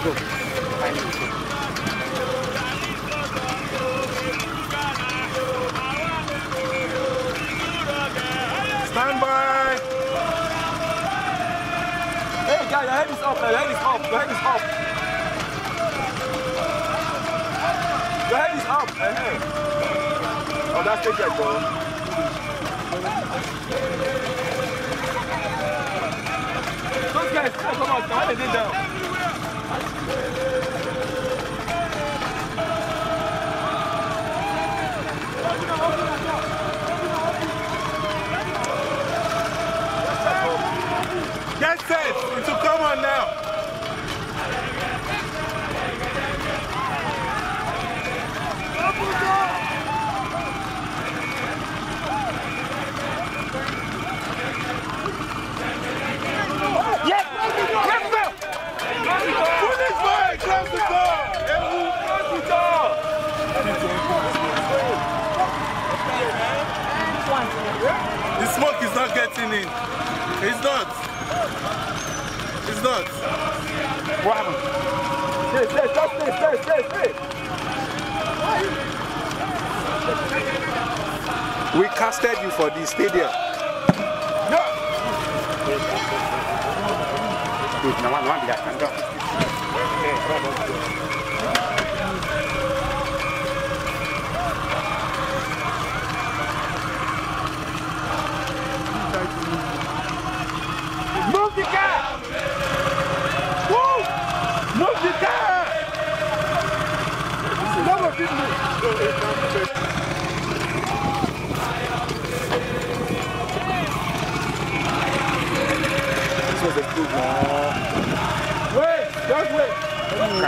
Stand by! Hey, guy, your head is up, your head is up, your head is up. Your head is up, eh, Oh, that's the bro. Those guys, come on, come on, they did Get set! So come on now! Brahman. Stay, stay, stay, stay, stay, stay. We casted you for the stadium. No! Good, now one, one, that can go.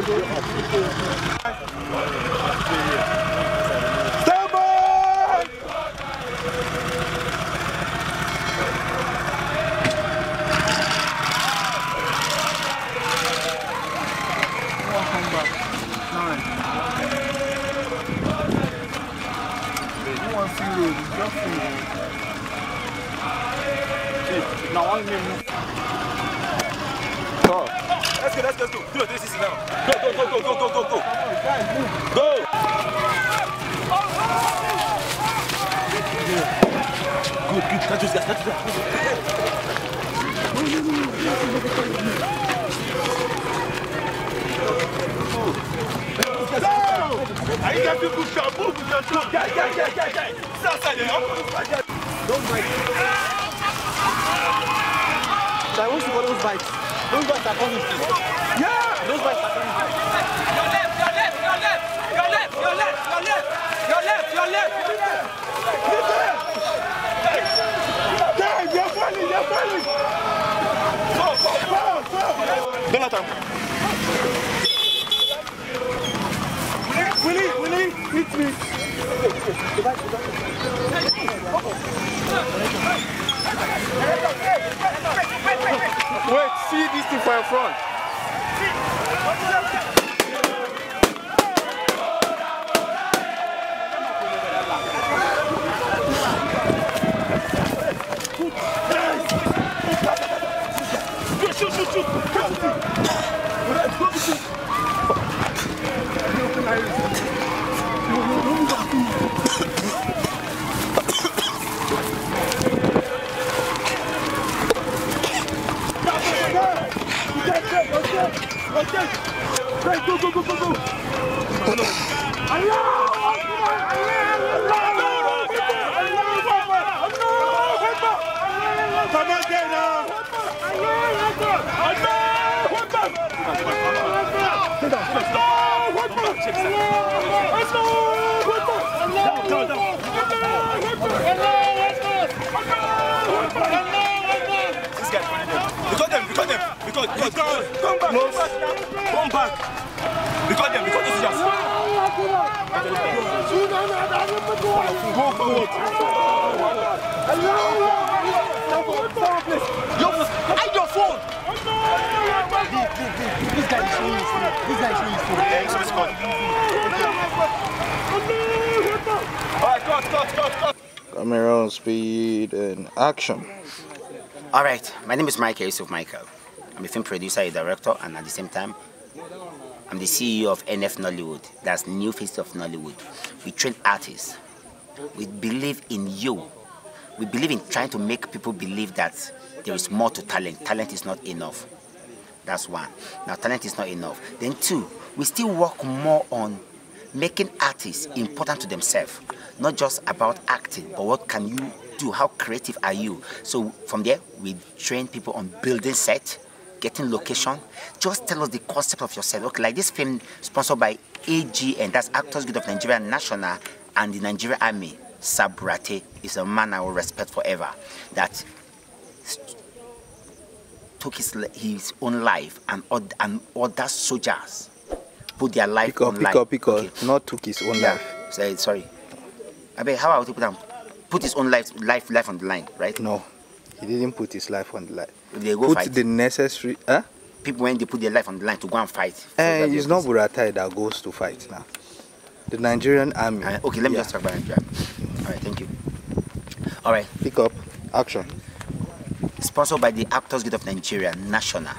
Stand by! Now I'm in let's go, let's go, let's go. Do it, 360 now. Go, go, go, go, go, go, go, go. Go! Good, good, catch this guy, catch this guy. Aí já fica o chabu, o chabu. Já, já, já, já, já. Sai, sai, não. Don't bite. Sai, onde você vai nos tá, bites? Those guys are coming. Yeah! Those guys are coming. Your left, your left, your left, your left, your left, your left, your left, your left. Your left. hit me. Wait see this thing for your front. Go, go, go, go, go! Allah! Allah! them. Because, because, because, come back. No. Come back. Because them, because this just. Go forward. Hide your phone. This guy is really useful. This guy is really useful. Yeah, he's always caught. Alright, cut, cut, cut, cut. Camera on speed and action. All right, my name is Michael Yusuf Michael. I'm a film producer, a director, and at the same time, I'm the CEO of NF Nollywood. That's New Face of Nollywood. We train artists. We believe in you. We believe in trying to make people believe that there is more to talent. Talent is not enough. That's one. Now, talent is not enough. Then two, we still work more on making artists important to themselves. Not just about acting, but what can you do? How creative are you? So from there, we train people on building sets getting location. Just tell us the concept of yourself. Okay, like this film sponsored by AGN, that's Actors Guild of Nigeria National and the Nigeria Army. Sabrate is a man I will respect forever. That took his, his own life and, and other soldiers put their life pick up, on pick line. Up, pick up, okay. Not took his own yeah. life. Sorry, sorry. I mean, how about put, put his own life, life, life on the line, right? No. He didn't put his life on the line. They go put fight. the necessary. Huh? People when they put their life on the line to go and fight. so eh, it's not Buratai that goes to fight now. The Nigerian army. Uh, okay, let me yeah. just talk about Nigeria. All right, thank you. All right. Pick up. Action. Sponsored by the Actors Guild of Nigeria National,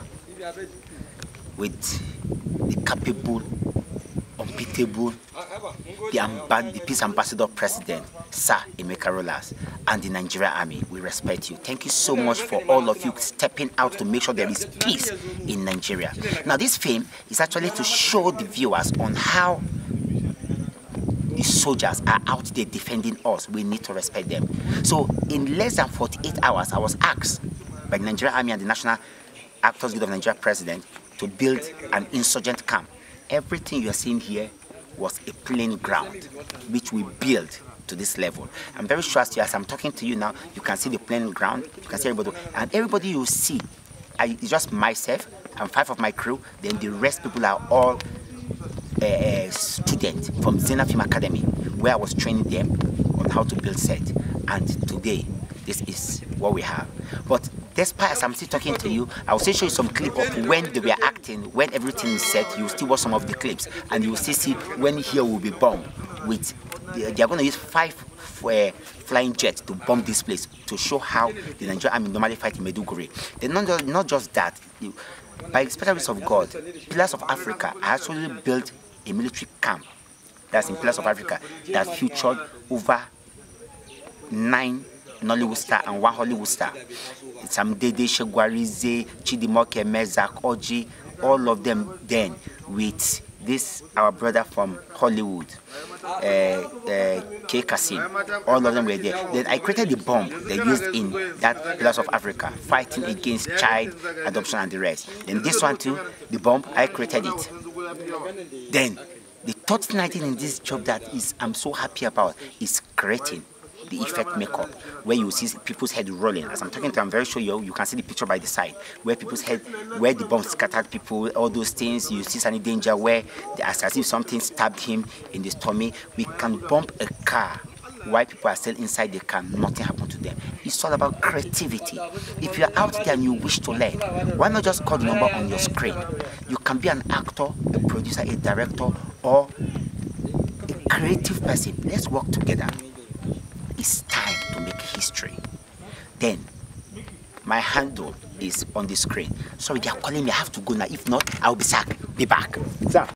with the capable the, amb- the peace ambassador president, Sir Emeka Rolas, and the Nigerian army. We respect you. Thank you so much for all of you stepping out to make sure there is peace in Nigeria. Now, this film is actually to show the viewers on how the soldiers are out there defending us. We need to respect them. So, in less than 48 hours, I was asked by the Nigerian army and the National Actors Guild of Nigeria president to build an insurgent camp. Everything you are seeing here was a playing ground which we built to this level. I'm very sure as, you, as I'm talking to you now, you can see the playing ground, you can see everybody, and everybody you see, I, it's just myself and five of my crew, then the rest people are all uh, students from Zena Film Academy, where I was training them on how to build set. And today, this is what we have. But despite as I'm still talking to you, I will still show you some clip of when they were acting, when everything is set. You will still watch some of the clips, and you will still see when here will be bombed. With they are going to use five uh, flying jets to bomb this place to show how the Nigerian army normally fight in Meduguri. not just, not just that. By the special grace of God, Pillars of Africa actually built a military camp that's in Pillars of Africa that featured over nine Nollywood star and one Hollywood star. Samdede Shegwarize, Chidimoke Mezak Oji, all of them then with this our brother from Hollywood, uh, uh, K. all of them were there. Then I created the bomb they used in that place of Africa, fighting against child adoption and the rest. Then this one too, the bomb, I created it. Then the top night in this job that is I'm so happy about is creating the effect makeup, where you see people's head rolling. As I'm talking to you, I'm very sure you, you can see the picture by the side, where people's head, where the bomb scattered people, all those things. You see any danger where, as, as if something stabbed him in the stomach. We can bomb a car why people are still inside they can nothing happen to them it's all about creativity if you are out there and you wish to learn why not just call the number on your screen you can be an actor a producer a director or a creative person let's work together it's time to make history. Then, my handle is on the screen. Sorry, they are calling me. I have to go now. If not, I'll be sacked. Be back. Sir.